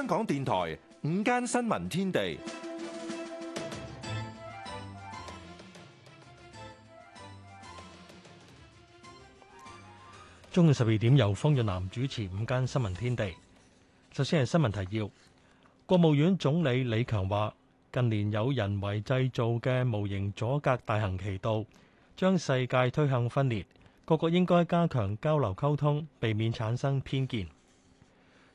香港電台午間新聞天地，中午十二點由方潤南主持《午間新聞天地》。首先係新聞提要：國務院總理李強話，近年有人為製造嘅無形阻隔大行其道，將世界推向分裂。各國應該加強交流溝通，避免產生偏見。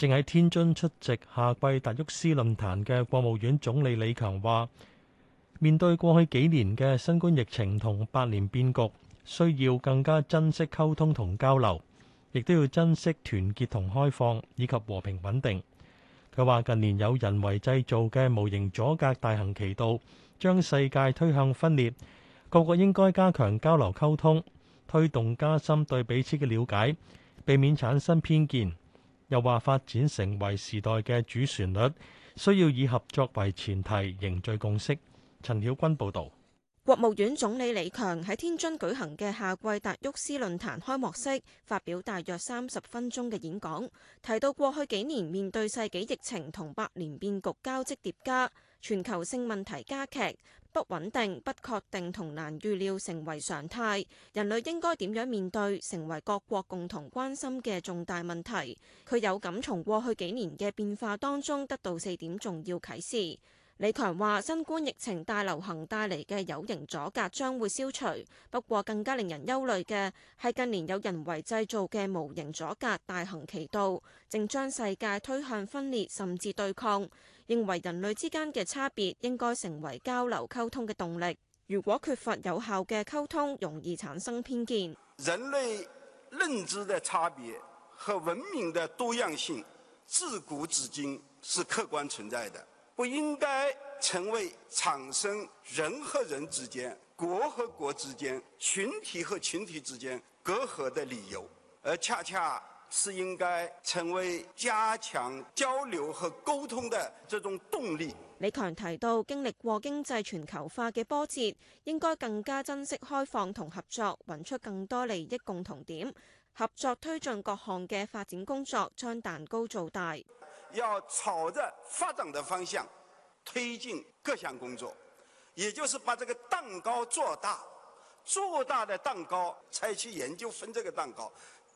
正喺天津出席夏季達沃斯論壇嘅國務院總理李強話，面對過去幾年嘅新冠疫情同百年變局，需要更加珍惜溝通同交流，亦都要珍惜團結同開放以及和平穩定。佢話近年有人為製造嘅無形阻隔大行其道，將世界推向分裂，各國應該加強交流溝通，推動加深對彼此嘅了解，避免產生偏見。又話發展成為時代嘅主旋律，需要以合作為前提，凝聚共識陳曉君報導。國務院總理李強喺天津舉行嘅夏季達沃斯論壇開幕式發表大約三十分鐘嘅演講，提到過去幾年面對世紀疫情同百年變局交織疊加，全球性問題加劇，不穩定、不確定同難預料成為常態，人類應該點樣面對，成為各國共同關心嘅重大問題。佢有感從過去幾年嘅變化當中得到四點重要啟示。李強話：新冠疫情大流行帶嚟嘅有形阻隔將會消除，不過更加令人憂慮嘅係近年有人為製造嘅無形阻隔大行其道，正將世界推向分裂，甚至對抗。認為人類之間嘅差別應該成為交流溝通嘅動力。如果缺乏有效嘅溝通，容易產生偏見。人類認知嘅差別和文明嘅多樣性，自古至今是客觀存在嘅，不應該成為產生人和人之間、國和國之間、群體和群體之間隔閡嘅理由，而恰恰是應該成為加強交流和溝通的這種動力。李強提到，經歷過經濟全球化嘅波折，應該更加珍惜開放同合作，揾出更多利益共同點，合作推進各項嘅發展工作，將蛋糕做大。要朝着發展的方向推進各項工作，也就是把這個蛋糕做大，做大的蛋糕才去研究分這個蛋糕。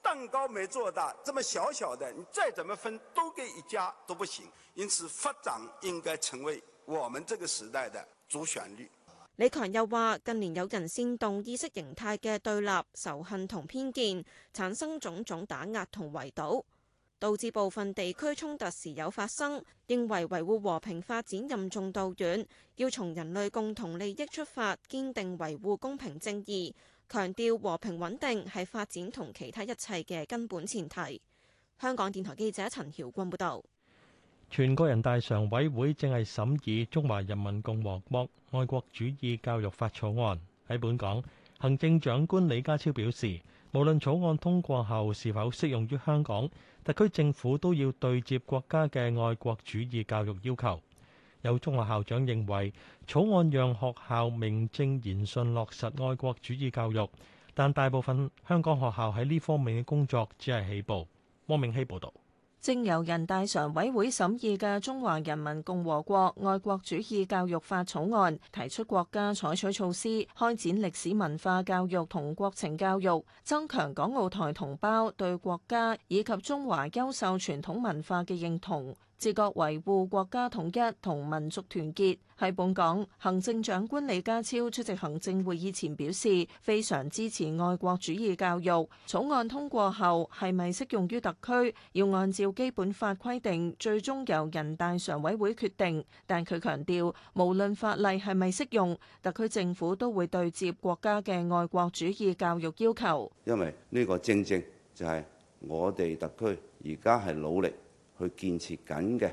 蛋糕沒做大，這麼小小的，你再怎麼分都給一家都不行。因此，發展應該成為我們這個時代的主旋律。李強又話，近年有人煽動意識形態嘅對立、仇恨同偏見產生種種打壓同圍堵，導致部分地區衝突時有發生。認為維護和平發展任重道遠，要從人類共同利益出發，堅定維護公平正義。強調和平穩定係發展同其他一切嘅根本前提。香港電台記者陳曉君報道，全國人大常委會正係審議《中華人民共和國愛國主義教育法》草案。喺本港，行政長官李家超表示，無論草案通過後是否適用於香港，特區政府都要對接國家嘅愛國主義教育要求。有中學校長認為草案讓學校名正言順落實愛國主義教育，但大部分香港學校喺呢方面嘅工作只係起步。汪明希報導。正由人大常委會審議嘅《中華人民共和國愛國主義教育法》草案提出，國家採取措施開展歷史文化教育同國情教育，增強港澳台同胞對國家以及中華優秀傳統文化嘅認同。自覺維護國家統一同民族團結。喺本港行政長官李家超出席行政會議前表示，非常支持愛國主義教育。草案通過後，係咪適用於特區，要按照基本法規定，最終由人大常委會決定。但佢強調，無論法例係咪適用，特區政府都會對接國家嘅愛國主義教育要求。因為呢個正正就係我哋特區而家係努力。去建設緊嘅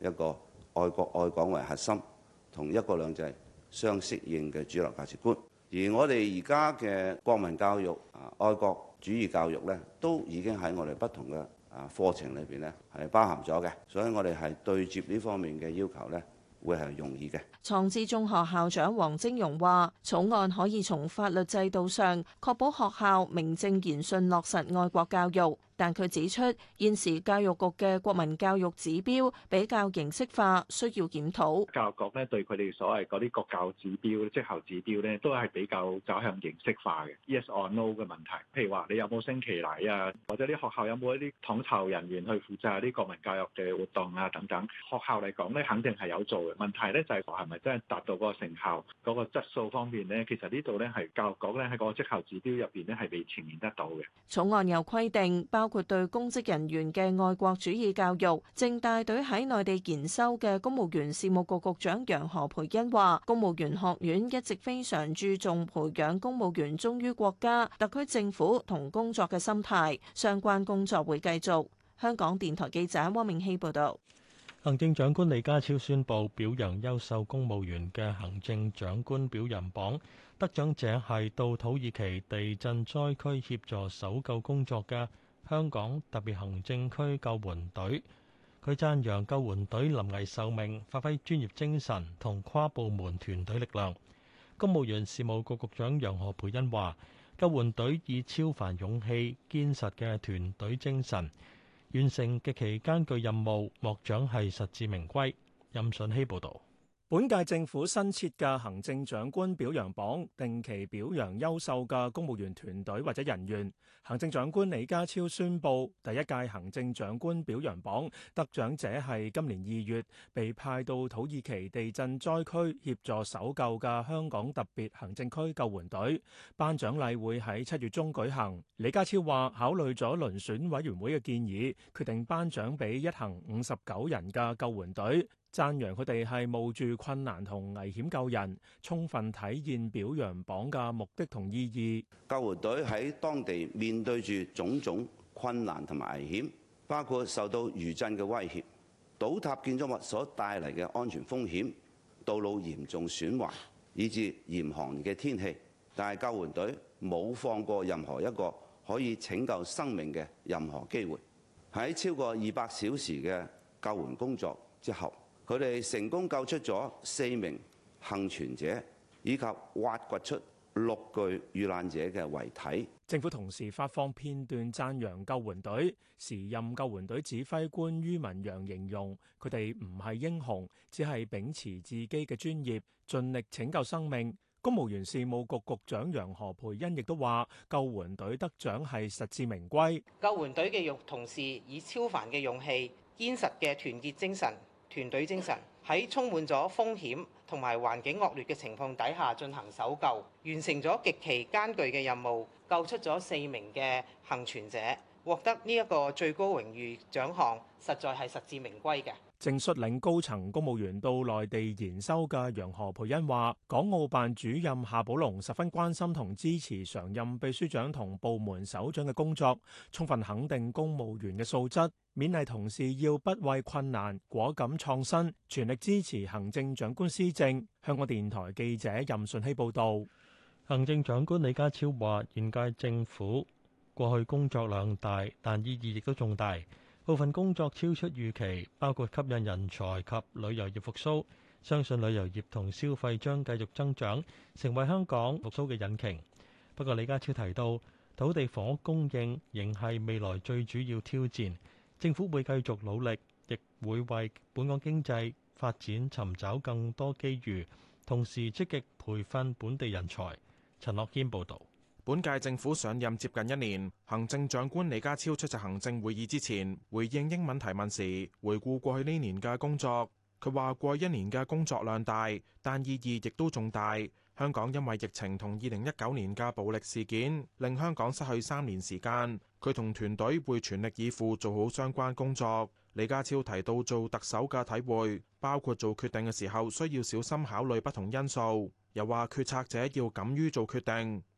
一個愛國愛港為核心，同一國兩制相適應嘅主流價值觀。而我哋而家嘅國民教育啊，愛國主義教育呢，都已經喺我哋不同嘅啊課程裏邊呢係包含咗嘅。所以我哋係對接呢方面嘅要求呢，會係容易嘅。創智中學校長黃晶容話：草案可以從法律制度上確保學校名正言順落實愛國教育。但佢指出，現時教育局嘅國民教育指標比較形式化，需要檢討。教育局咧對佢哋所謂嗰啲國教指標、績效指標咧，都係比較走向形式化嘅。Yes or no 嘅問題，譬如話你有冇升旗禮啊，或者啲學校有冇一啲統籌人員去負責啲國民教育嘅活動啊等等。學校嚟講咧，肯定係有做嘅。問題咧就係話係咪真係達到個成效、嗰個質素方面咧？其實呢度咧係教育局咧喺個績效指標入邊咧係未全面得到嘅。草案又規定包。包括對公職人員嘅愛國主義教育。正帶隊喺內地研修嘅公務員事務局局長楊何蓓茵話，公務員學院一直非常注重培養公務員忠於國家、特區政府同工作嘅心態。相關工作會繼續。香港電台記者汪明希報道。行政長官李家超宣布表揚優秀公務員嘅行政長官表揚榜得獎者係到土耳其地震災區協助搜救工作嘅。香港特別行政區救援隊，佢讚揚救援隊臨危受命，發揮專業精神同跨部門團隊力量。公務員事務局局，局長楊何培恩話：救援隊以超凡勇氣、堅實嘅團隊精神，完成極其艱巨任務，獲獎係實至名歸。任信希報導。本屆政府新設嘅行政長官表揚榜，定期表揚優秀嘅公務員團隊或者人員。行政長官李家超宣布，第一屆行政長官表揚榜得獎者係今年二月被派到土耳其地震災區協助搜救嘅香港特別行政區救援隊。頒獎禮會喺七月中舉行。李家超話，考慮咗遴選委員會嘅建議，決定頒獎俾一行五十九人嘅救援隊。讚揚佢哋係冒住困難同危險救人，充分體現表揚榜嘅目的同意義。救援隊喺當地面對住種種困難同埋危險，包括受到餘震嘅威脅、倒塌建築物所帶嚟嘅安全風險、道路嚴重損壞，以至嚴寒嘅天氣。但係救援隊冇放過任何一個可以拯救生命嘅任何機會。喺超過二百小時嘅救援工作之後，佢哋成功救出咗四名幸存者，以及挖掘出六具遇難者嘅遺體。政府同時發放片段讚揚救援隊。時任救援隊指揮官于文陽形容佢哋唔係英雄，只係秉持自己嘅專業，盡力拯救生命。公務員事務局局，局長楊何培恩亦都話救援隊得獎係實至名歸，救援隊嘅同事以超凡嘅勇氣、堅實嘅團結精神。團隊精神喺充滿咗風險同埋環境惡劣嘅情況底下進行搜救，完成咗極其艱巨嘅任務，救出咗四名嘅幸存者，獲得呢一個最高榮譽獎項，實在係實至名歸嘅。正率領高層公務員到內地研修嘅楊何培恩話：港澳辦主任夏寶龍十分關心同支持常任秘書長同部門首長嘅工作，充分肯定公務員嘅素質，勉勵同事要不畏困難，果敢創新，全力支持行政長官施政。香港電台記者任順希報道。行政長官李家超話：現屆政府過去工作量大，但意義亦都重大。部分工作超出預期，包括吸引人才及旅遊業復甦。相信旅遊業同消費將繼續增長，成為香港復甦嘅引擎。不過李家超提到，土地房屋供應仍係未來最主要挑戰。政府會繼續努力，亦會為本港經濟發展尋找更多機遇，同時積極培訓本地人才。陳樂堅報道。本屆政府上任接近一年，行政長官李家超出席行政會議之前，回應英文提問時，回顧過去呢年嘅工作。佢話過一年嘅工作量大，但意義亦都重大。香港因為疫情同二零一九年嘅暴力事件，令香港失去三年時間。佢同團隊會全力以赴做好相關工作。李家超提到做特首嘅體會，包括做決定嘅時候，需要小心考慮不同因素，又話決策者要敢於做決定。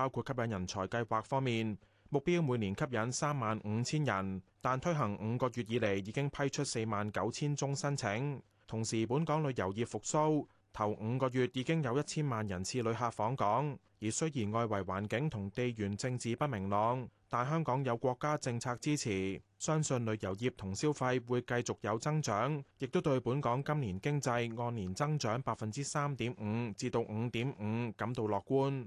包括吸引人才計劃方面，目標每年吸引三萬五千人，但推行五個月以嚟已經批出四萬九千宗申請，同時本港旅遊業復甦。頭五個月已經有一千萬人次旅客訪港，而雖然外圍環境同地緣政治不明朗，但香港有國家政策支持，相信旅遊業同消費會繼續有增長，亦都對本港今年經濟按年增長百分之三點五至到五點五感到樂觀。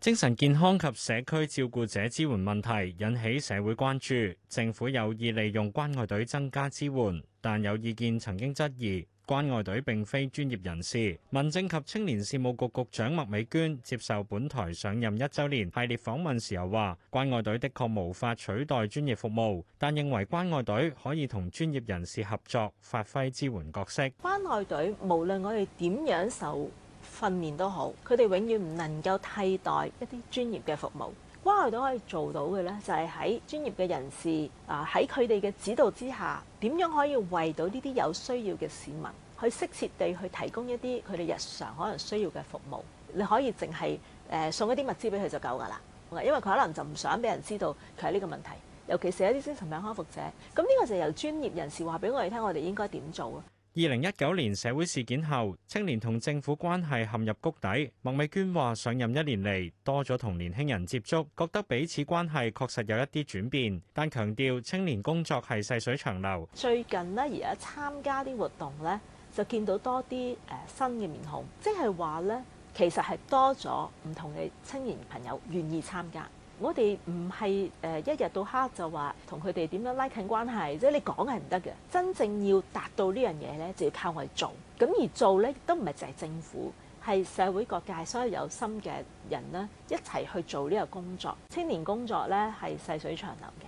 精神健康及社區照顧者支援問題引起社會關注，政府有意利用關愛隊增加支援，但有意見曾經質疑關愛隊並非專業人士。民政及青年事務局局，局長麥美娟接受本台上任一週年系列訪問時候話：關愛隊的確無法取代專業服務，但認為關愛隊可以同專業人士合作，發揮支援角色關隊。關愛隊無論我哋點樣受訓練都好，佢哋永遠唔能夠替代一啲專業嘅服務。關愛隊可以做到嘅呢，就係、是、喺專業嘅人士啊，喺佢哋嘅指導之下，點樣可以為到呢啲有需要嘅市民，去適切地去提供一啲佢哋日常可能需要嘅服務。你可以淨係、呃、送一啲物資俾佢就夠㗎啦。因為佢可能就唔想俾人知道佢係呢個問題，尤其是一啲精神病康復者。咁呢個就由專業人士話俾我哋聽，我哋應該點做啊？二零一九年社會事件後，青年同政府關係陷入谷底。麥美娟話：上任一年嚟，多咗同年輕人接觸，覺得彼此關係確實有一啲轉變，但強調青年工作係細水長流。最近呢，而家參加啲活動咧，就見到多啲誒新嘅面孔，即係話咧，其實係多咗唔同嘅青年朋友願意參加。我哋唔係誒一日到黑就話同佢哋點樣拉近關係，即係你講係唔得嘅，真正要達到呢樣嘢呢，就要靠我哋做。咁而做咧，都唔係淨係政府，係社會各界所有有心嘅人呢，一齊去做呢個工作。青年工作呢，係細水長流嘅，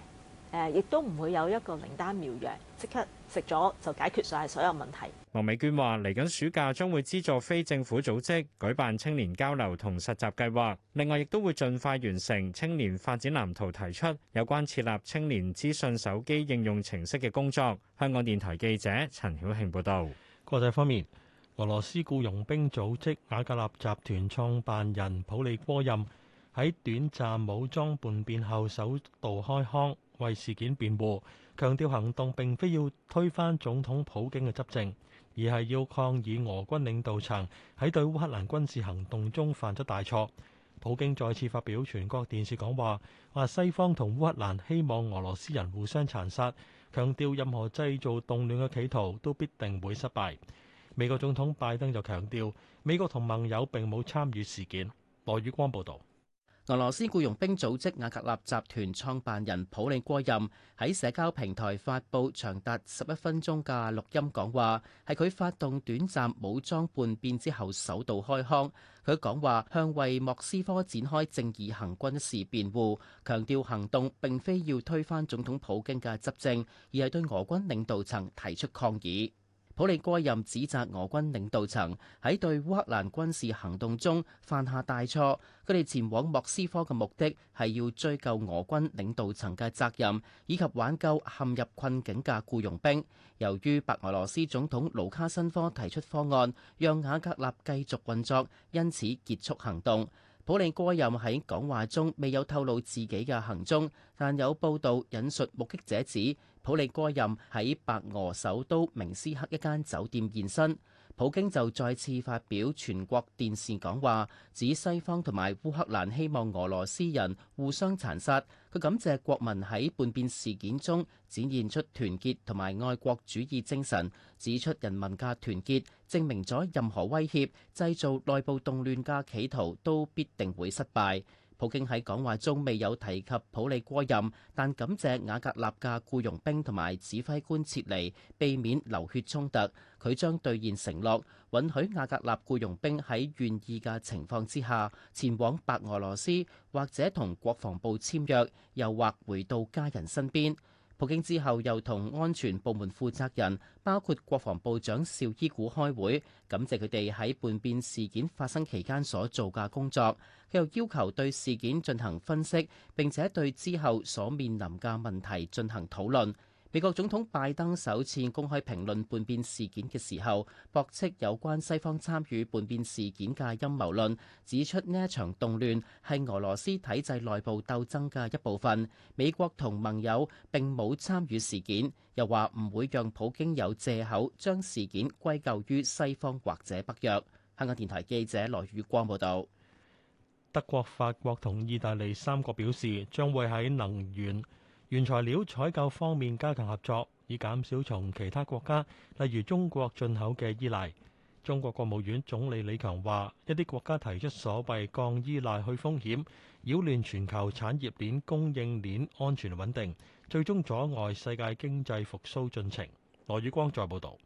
呃、亦都唔會有一個靈丹妙藥即刻，食咗就解決晒所有問題。黃美娟話，嚟緊暑假將會資助非政府組織舉辦青年交流同實習計劃。另外亦都會盡快完成青年發展藍圖，提出有關設立青年資訊手機應用程式嘅工作。香港電台記者陳曉慶報道。國際方面，俄羅斯僱傭兵組織瓦格納集團創辦人普里戈任喺短暫武裝叛變後首度開腔，為事件辯護。強調行動並非要推翻總統普京嘅執政，而係要抗議俄軍領導層喺對烏克蘭軍事行動中犯咗大錯。普京再次發表全國電視講話，話西方同烏克蘭希望俄羅斯人互相殘殺，強調任何製造動亂嘅企圖都必定會失敗。美國總統拜登就強調美國同盟友並冇參與事件。羅宇光報導。俄羅斯雇傭兵組織瓦格納集團創辦人普利戈任喺社交平台發布長達十一分鐘嘅錄音講話，係佢發動短暫武裝叛變之後首度開腔。佢講話向為莫斯科展開正義行軍事辯護，強調行動並非要推翻總統普京嘅執政，而係對俄軍領導層提出抗議。普利戈任指責俄軍領導層喺對烏克蘭軍事行動中犯下大錯，佢哋前往莫斯科嘅目的係要追究俄軍領導層嘅責任，以及挽救陷入困境嘅僱傭兵。由於白俄羅斯總統盧卡申科提出方案，讓瓦格納繼續運作，因此結束行動。普利戈任喺講話中未有透露自己嘅行蹤，但有報道引述目擊者指，普利戈任喺白俄首都明斯克一間酒店現身，普京就再次發表全國電視講話，指西方同埋烏克蘭希望俄羅斯人互相殘殺，佢感謝國民喺叛變事件中展現出團結同埋愛國主義精神，指出人民嘅團結證明咗任何威脅、製造內部動亂嘅企圖都必定會失敗。普京喺講話中未有提及普里戈任，但感謝瓦格納嘅僱傭兵同埋指揮官撤離，避免流血衝突。佢將兌現承諾，允許瓦格納僱傭兵喺願意嘅情況之下前往白俄羅斯，或者同國防部簽約，又或回到家人身邊。普京之後又同安全部門負責人，包括國防部長邵伊古開會，感謝佢哋喺叛變事件發生期間所做嘅工作。佢又要求對事件進行分析，並且對之後所面臨嘅問題進行討論。美國總統拜登首次公開評論叛變事件嘅時候，駁斥有關西方參與叛變事件嘅陰謀論，指出呢一場動亂係俄羅斯體制內部鬥爭嘅一部分，美國同盟友並冇參與事件，又話唔會讓普京有藉口將事件歸咎於西方或者北約。香港電台記者羅宇光報道，德國、法國同意大利三國表示，將會喺能源、原材料採購方面加強合作，以減少從其他國家，例如中國進口嘅依賴，中國國務院總理李強話一啲國家提出所謂降依賴、去風險，擾亂全球產業鏈供應鏈安全穩定，最終阻礙世界經濟復甦進程。羅宇光再報道。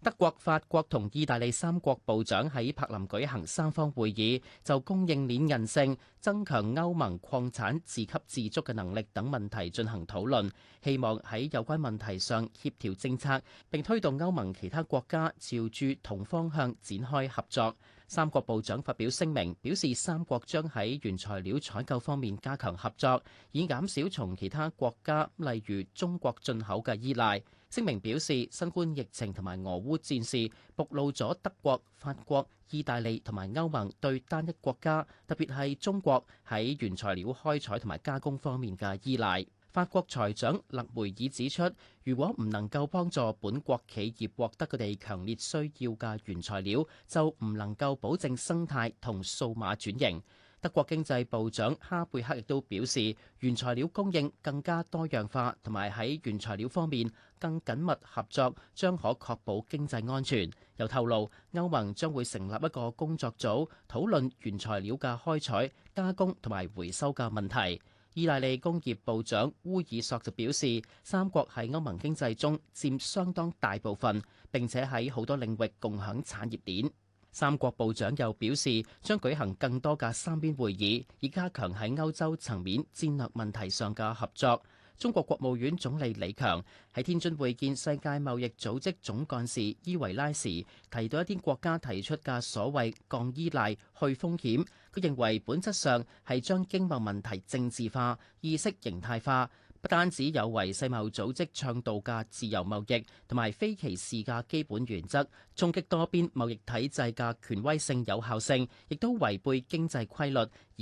德國、法國同意大利三國部長喺柏林舉行三方會議，就供應鏈韌性、增強歐盟礦產自給自足嘅能力等問題進行討論，希望喺有關問題上協調政策，並推動歐盟其他國家朝住同方向展開合作。三國部長發表聲明，表示三國將喺原材料採購方面加強合作，以減少從其他國家，例如中國進口嘅依賴。聲明表示，新冠疫情同埋俄烏戰事暴露咗德國、法國、意大利同埋歐盟對單一國家，特別係中國喺原材料開採同埋加工方面嘅依賴。法國財長勒梅爾指出，如果唔能夠幫助本國企業獲得佢哋強烈需要嘅原材料，就唔能夠保證生態同數碼轉型。德國經濟部長哈貝克亦都表示，原材料供應更加多樣化，同埋喺原材料方面更緊密合作，將可確保經濟安全。又透露歐盟將會成立一個工作組，討論原材料嘅開採、加工同埋回收嘅問題。意大利工業部長烏爾索就表示，三國喺歐盟經濟中佔相當大部分，並且喺好多領域共享產業鏈。三國部長又表示，將舉行更多嘅三邊會議，以加強喺歐洲層面戰略問題上嘅合作。中國國務院總理李強喺天津會見世界貿易組織總幹事伊維拉時，提到一啲國家提出嘅所謂降依賴、去風險，佢認為本質上係將經貿問題政治化、意識形態化。不單止有違世貿組織倡導嘅自由貿易同埋非歧視嘅基本原則，衝擊多邊貿易體制嘅權威性有效性，亦都違背經濟規律，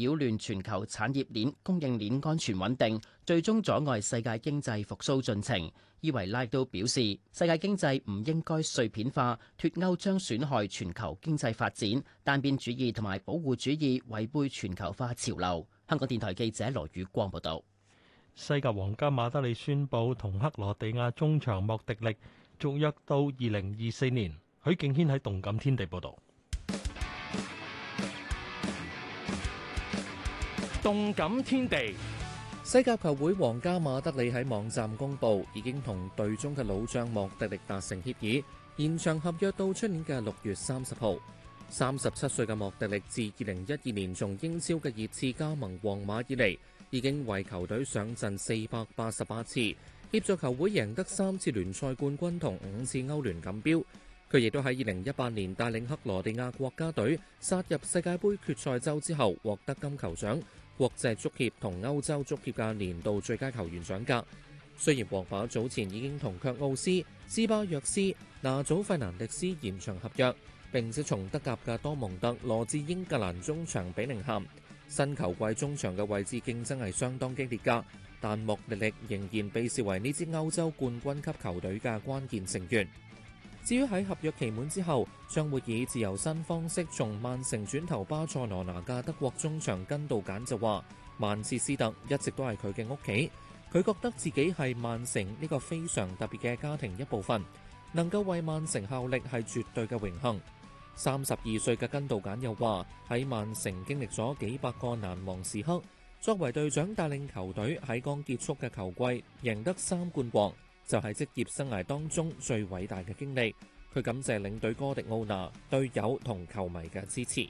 擾亂全球產業鏈供應鏈安全穩定，最終阻礙世界經濟復甦進程。伊維拉都表示，世界經濟唔應該碎片化，脱歐將損害全球經濟發展，單邊主義同埋保護主義違背全球化潮流。香港電台記者羅宇光報道。西甲皇家馬德里宣布同克羅地亞中場莫迪力續約到二零二四年。許敬軒喺動感天地報道。動感天地，西甲球會皇家馬德里喺網站公布，已經同隊中嘅老將莫迪力達成協議，延長合約到出年嘅六月三十號。三十七歲嘅莫迪力自二零一二年從英超嘅熱刺加盟皇馬以嚟，已經為球隊上陣四百八十八次，協助球會贏得三次聯賽冠軍同五次歐聯錦標。佢亦都喺二零一八年帶領克羅地亞國家隊殺入世界盃決賽周之後，獲得金球獎、國際足協同歐洲足協嘅年度最佳球員獎格。雖然皇馬早前已經同卻奧斯、斯巴約斯、拿祖費南迪斯延長合約，並且從德甲嘅多蒙特羅致英格蘭中場比寧咸。新球季中場嘅位置競爭係相當激烈㗎，但莫力力仍然被視為呢支歐洲冠軍級球隊嘅關鍵成員。至於喺合約期滿之後，將會以自由身方式從曼城轉投巴塞羅那嘅德國中場根度簡就話，曼徹斯特一直都係佢嘅屋企，佢覺得自己係曼城呢個非常特別嘅家庭一部分，能夠為曼城效力係絕對嘅榮幸。三十二歲嘅根杜簡又話：喺曼城經歷咗幾百個難忘時刻，作為隊長帶領球隊喺剛結束嘅球季贏得三冠王，就係職業生涯當中最偉大嘅經歷。佢感謝領隊哥迪奧拿、隊友同球迷嘅支持。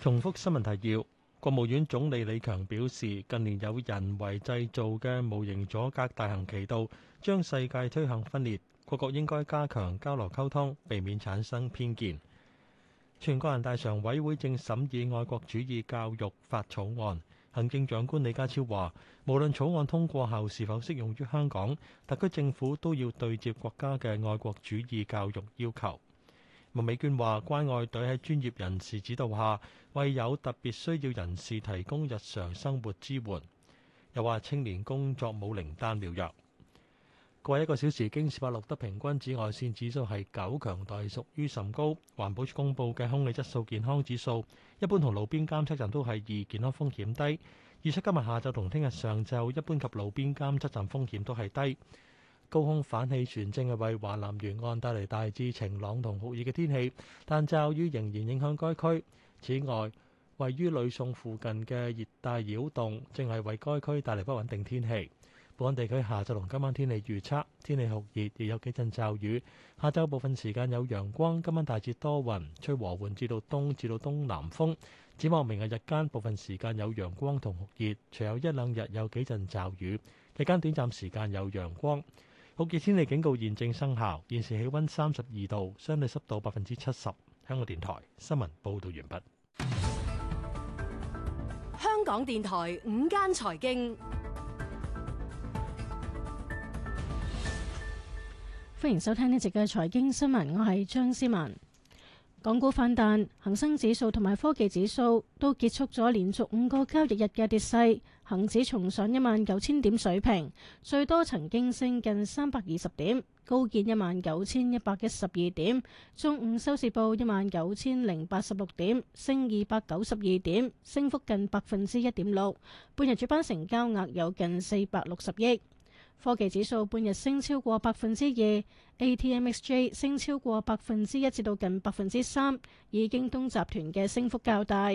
重複新聞提要：國務院總理李強表示，近年有人為製造嘅無形阻隔大行其道，將世界推向分裂。各國應該加強交流溝通，避免產生偏見。全國人大常委會正審議《愛國主義教育法》草案，行政長官李家超話，無論草案通過後是否適用於香港，特區政府都要對接國家嘅愛國主義教育要求。麥美娟話，關愛隊喺專業人士指導下，為有特別需要人士提供日常生活支援。又話，青年工作冇靈丹妙藥。過去一個小時，京士柏錄得平均紫外線指數係九，強度屬於甚高。環保署公佈嘅空氣質素健康指數，一般同路邊監測站都係二，健康風險低。預測今日下晝同聽日上晝，一般及路邊監測站風險都係低。高空反氣旋正係為華南沿岸帶嚟大致晴朗同酷熱嘅天氣，但驟雨仍然影響該區。此外，位於呂宋附近嘅熱帶擾動，正係為該區帶嚟不穩定天氣。本港地區下晝同今晚天氣預測，天氣酷熱，亦有幾陣驟雨。下晝部分時間有陽光，今晚大致多雲，吹和緩至到東至到東南風。展望明日日間部分時間有陽光同酷熱，除有一兩日有幾陣驟雨，日間短暫時間有陽光。酷熱天氣警告現正生效。現時氣溫三十二度，相對濕度百分之七十。香港電台新聞報道完畢。香港電台午間財經。歡迎收聽呢集嘅財經新聞，我係張思文。港股反彈，恒生指數同埋科技指數都結束咗連續五個交易日嘅跌勢，恒指重上一萬九千點水平，最多曾經升近三百二十點，高見一萬九千一百一十二點。中午收市報一萬九千零八十六點，升二百九十二點，升幅近百分之一點六。半日主板成交額有近四百六十億。科技指數半日升超過百分之二，ATMXJ 升超過百分之一至到近百分之三，以京東集團嘅升幅較大。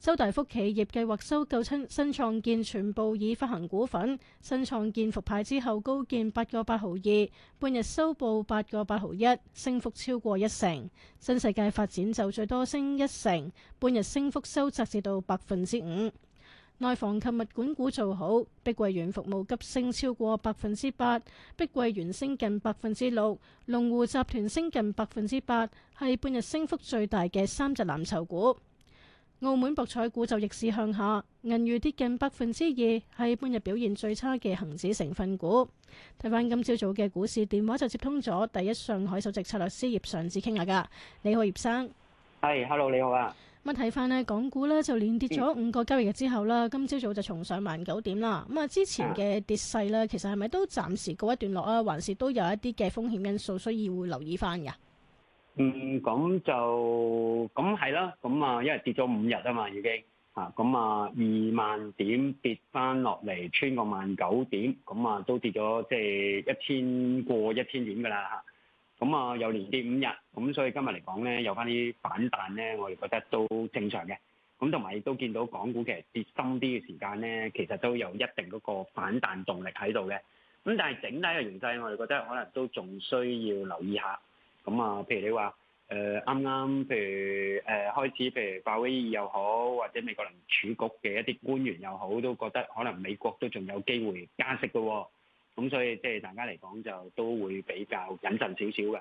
周大福企業計劃收購新新創建全部已發行股份，新創建復牌之後高見八個八毫二，半日收報八個八毫一，升幅超過一成。新世界發展就最多升一成，半日升幅收窄至到百分之五。內房及物管股做好，碧桂園服務急升超過百分之八，碧桂園升近百分之六，龍湖集團升近百分之八，係半日升幅最大嘅三隻藍籌股。澳門博彩股就逆市向下，銀娛跌近百分之二，係半日表現最差嘅恒指成分股。睇返今朝早嘅股市電話就接通咗第一上海首席策略師葉尚志傾下㗎。你好葉生，係，hey，hello，你好啊。咁睇翻咧，港股咧就連跌咗五個交易日之後啦，今朝早就重上萬九點啦。咁啊，之前嘅跌勢咧，其實係咪都暫時告一段落啊？還是都有一啲嘅風險因素所以會留意翻噶？嗯，咁就咁係啦。咁啊，因為跌咗五日啊嘛，已經嚇咁啊，二萬點跌翻落嚟穿過萬九點，咁啊都跌咗即係一千過一千點噶啦嚇。咁啊，又、嗯、連跌五日，咁、嗯、所以今日嚟講咧，有翻啲反彈咧，我哋覺得都正常嘅。咁同埋亦都見到港股其實跌深啲嘅時間咧，其實都有一定嗰個反彈動力喺度嘅。咁、嗯、但係整體嘅形勢，我哋覺得可能都仲需要留意下。咁、嗯、啊，譬如你話誒啱啱，譬、呃、如誒、呃、開始，譬如鮑威爾又好，或者美國聯儲局嘅一啲官員又好，都覺得可能美國都仲有機會加息嘅喎、哦。咁所以即係大家嚟講就都會比較謹慎少少嘅。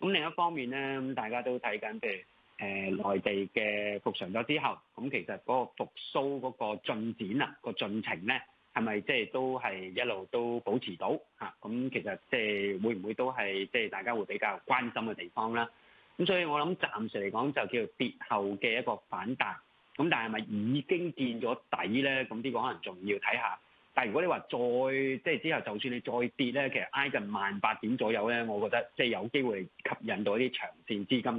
咁另一方面咧，咁大家都睇緊譬如誒內、呃、地嘅復常咗之後，咁其實嗰個復甦嗰個進展啊，個進程咧，係咪即係都係一路都保持到吓？咁、啊、其實即係會唔會都係即係大家會比較關心嘅地方啦？咁所以我諗暫時嚟講就叫跌後嘅一個反彈。咁但係咪已經見咗底咧？咁呢個可能仲要睇下。但係如果你話再即係之後，就算你再跌咧，其實挨近萬八點左右咧，我覺得即係有機會吸引到一啲長線資金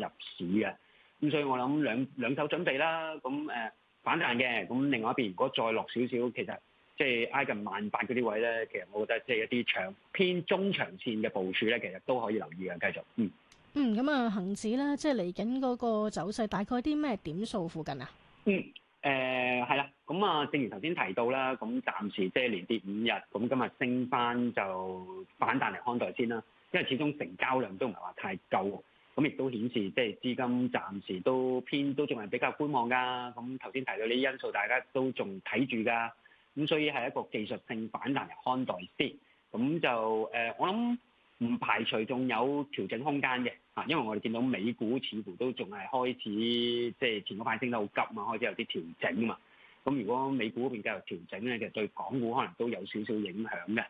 入市嘅。咁所以我諗兩兩手準備啦。咁誒、呃、反彈嘅，咁另外一邊如果再落少少，其實即係挨近萬八嗰啲位咧，其實我覺得即係一啲長偏中長線嘅部署咧，其實都可以留意嘅。繼續，嗯。嗯，咁啊，恒指咧，即係嚟緊嗰個走勢，大概啲咩點數附近啊？嗯。誒係啦，咁啊、嗯，正如頭先提到啦，咁暫時即係連跌五日，咁今日升翻就反彈嚟看待先啦。因為始終成交量都唔係話太夠，咁亦都顯示即係資金暫時都偏，都仲係比較觀望㗎。咁頭先提到呢啲因素，大家都仲睇住㗎，咁所以係一個技術性反彈嚟看待先。咁就誒、呃，我諗。唔排除仲有調整空間嘅，啊，因為我哋見到美股似乎都仲係開始，即係前嗰排升得好急嘛，開始有啲調整嘛。咁如果美股嗰邊繼續調整咧，其實對港股可能都有少少影響嘅。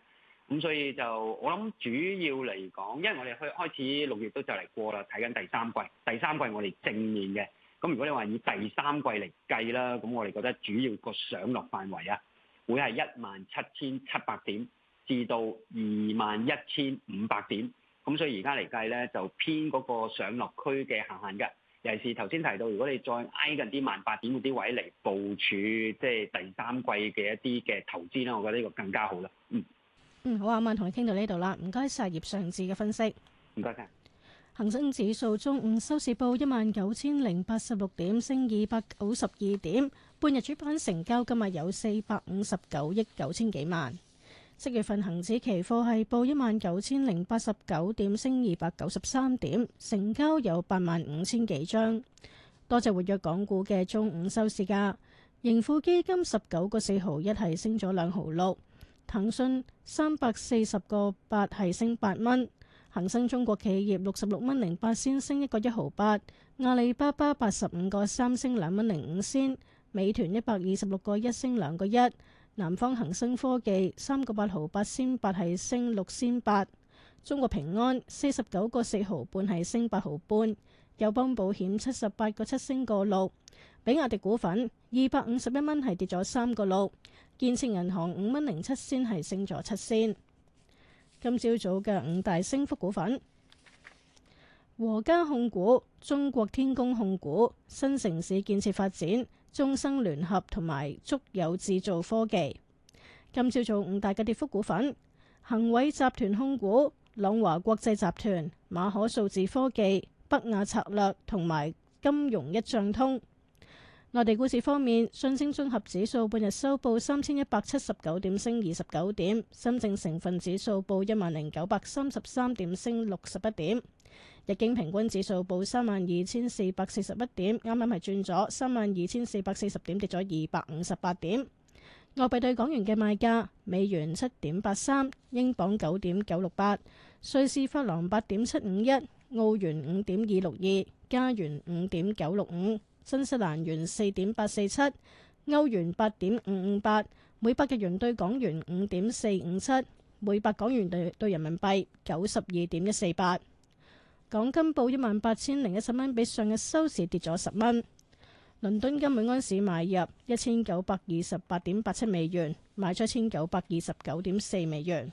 咁所以就我諗主要嚟講，因為我哋去開始六月都就嚟過啦，睇緊第三季。第三季我哋正面嘅，咁如果你話以第三季嚟計啦，咁我哋覺得主要個上落範圍啊，會係一萬七千七百點，至到二萬一千五百點，咁、嗯、所以而家嚟計咧，就偏嗰個上落區嘅下限嘅。尤其是頭先提到，如果你再挨近啲萬八點嗰啲位嚟部署，即係第三季嘅一啲嘅投資咧，我覺得呢個更加好啦。嗯，嗯，好啊，曼同你傾到呢度啦。唔該，葉尚志嘅分析，唔該嘅。恆生指數中午收市報一萬九千零八十六點，升二百九十二點。半日主板成交今日有四百五十九億九千幾萬。七月份恒指期貨係報一萬九千零八十九點，升二百九十三點，成交有八萬五千幾張。多隻活躍港股嘅中午收市價，盈富基金十九個四毫一係升咗兩毫六，騰訊三百四十個八係升八蚊，恒生中國企業六十六蚊零八先升一個一毫八，阿里巴巴八十五個三升兩蚊零五先，美團一百二十六個一升兩個一。南方恒生科技三個八毫八仙八係升六仙八，中國平安四十九個四毫半係升八毫半，友邦保險七十八個七升個六，比亞迪股份二百五十一蚊係跌咗三個六，建設銀行五蚊零七仙係升咗七仙。今朝早嘅五大升幅股份：和家控股、中國天工控股、新城市建設發展。中生聯合同埋足有製造科技。今朝早五大嘅跌幅股份：恒偉集團控股、朗華國際集團、馬可數字科技、北亞策略同埋金融一賬通。內地股市方面，上證綜合指數半日收報三千一百七十九點，升二十九點；深圳成分指數報一萬零九百三十三點，升六十一點。日經平均指數報三萬二千四百四十一點，啱啱係轉咗三萬二千四百四十點，跌咗二百五十八點。外幣對港元嘅賣價：美元七點八三，英鎊九點九六八，瑞士法郎八點七五一，澳元五點二六二，加元五點九六五，新西蘭元四點八四七，歐元八點五五八，每百日元對港元五點四五七，每百港元對對人民幣九十二點一四八。港金報一萬八千零一十蚊，比上日收市跌咗十蚊。倫敦金每安士買入一千九百二十八點八七美元，賣出一千九百二十九點四美元。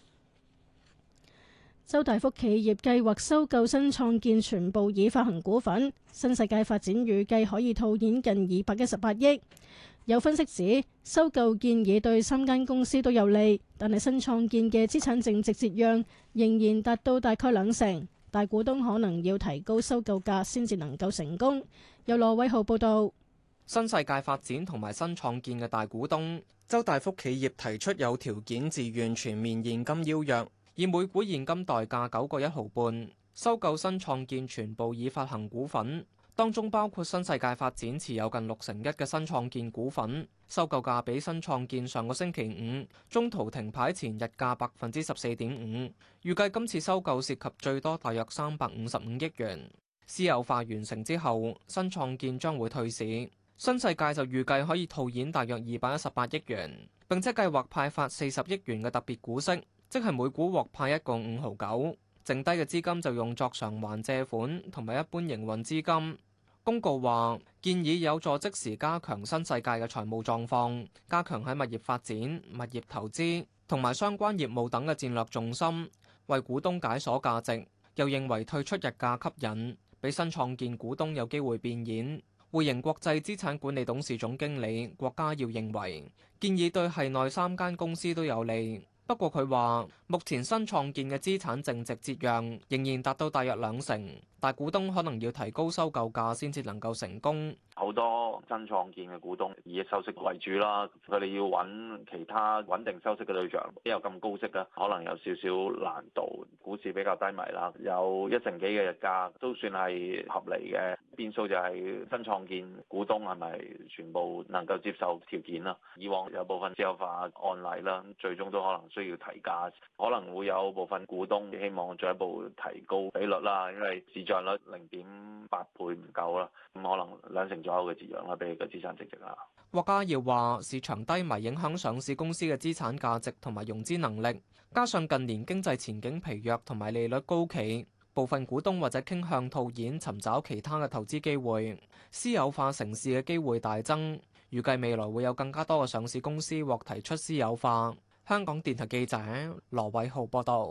周大福企業計劃收購新創建全部已發行股份，新世界發展預計可以套現近二百一十八億。有分析指，收購建議對三間公司都有利，但係新創建嘅資產淨值折讓仍然達到大概兩成。大股東可能要提高收購價先至能夠成功。由羅偉浩報道，新世界發展同埋新創建嘅大股東周大福企業提出有條件自願全面現金要約，以每股現金代價九個一毫半收購新創建全部已發行股份。當中包括新世界發展持有近六成一嘅新創建股份，收購價比新創建上個星期五中途停牌前日價百分之十四點五。預計今次收購涉及最多大約三百五十五億元。私有化完成之後，新創建將會退市，新世界就預計可以套現大約二百一十八億元，並且計劃派發四十億元嘅特別股息，即係每股獲派一個五毫九。剩低嘅資金就用作償還借款同埋一般營運資金。公告話建議有助即時加強新世界嘅財務狀況，加強喺物業發展、物業投資同埋相關業務等嘅戰略重心，為股東解鎖價值。又認為退出日價吸引，俾新創建股東有機會變現。匯盈國際資產管理董事總經理郭家耀認為建議對系內三間公司都有利。不過佢話。目前新創建嘅資產淨值折讓仍然達到大約兩成，大股東可能要提高收購價先至能夠成功。好多新創建嘅股東以收息為主啦，佢哋要揾其他穩定收息嘅對象，邊有咁高息啊？可能有少少難度。股市比較低迷啦，有一成幾嘅日價都算係合理嘅變數，就係新創建股東係咪全部能夠接受條件啦？以往有部分私有化案例啦，最終都可能需要提價。可能會有部分股東希望進一步提高比率啦，因為市佔率零點八倍唔夠啦，咁可能兩成左右嘅字佔啦，俾個資產價值啦值。霍家耀話：市場低迷影響上市公司嘅資產價值同埋融資能力，加上近年經濟前景疲弱同埋利率高企，部分股東或者傾向套現，尋找其他嘅投資機會。私有化成事嘅機會大增，預計未來會有更加多嘅上市公司獲提出私有化。香港電台記者羅偉浩報道。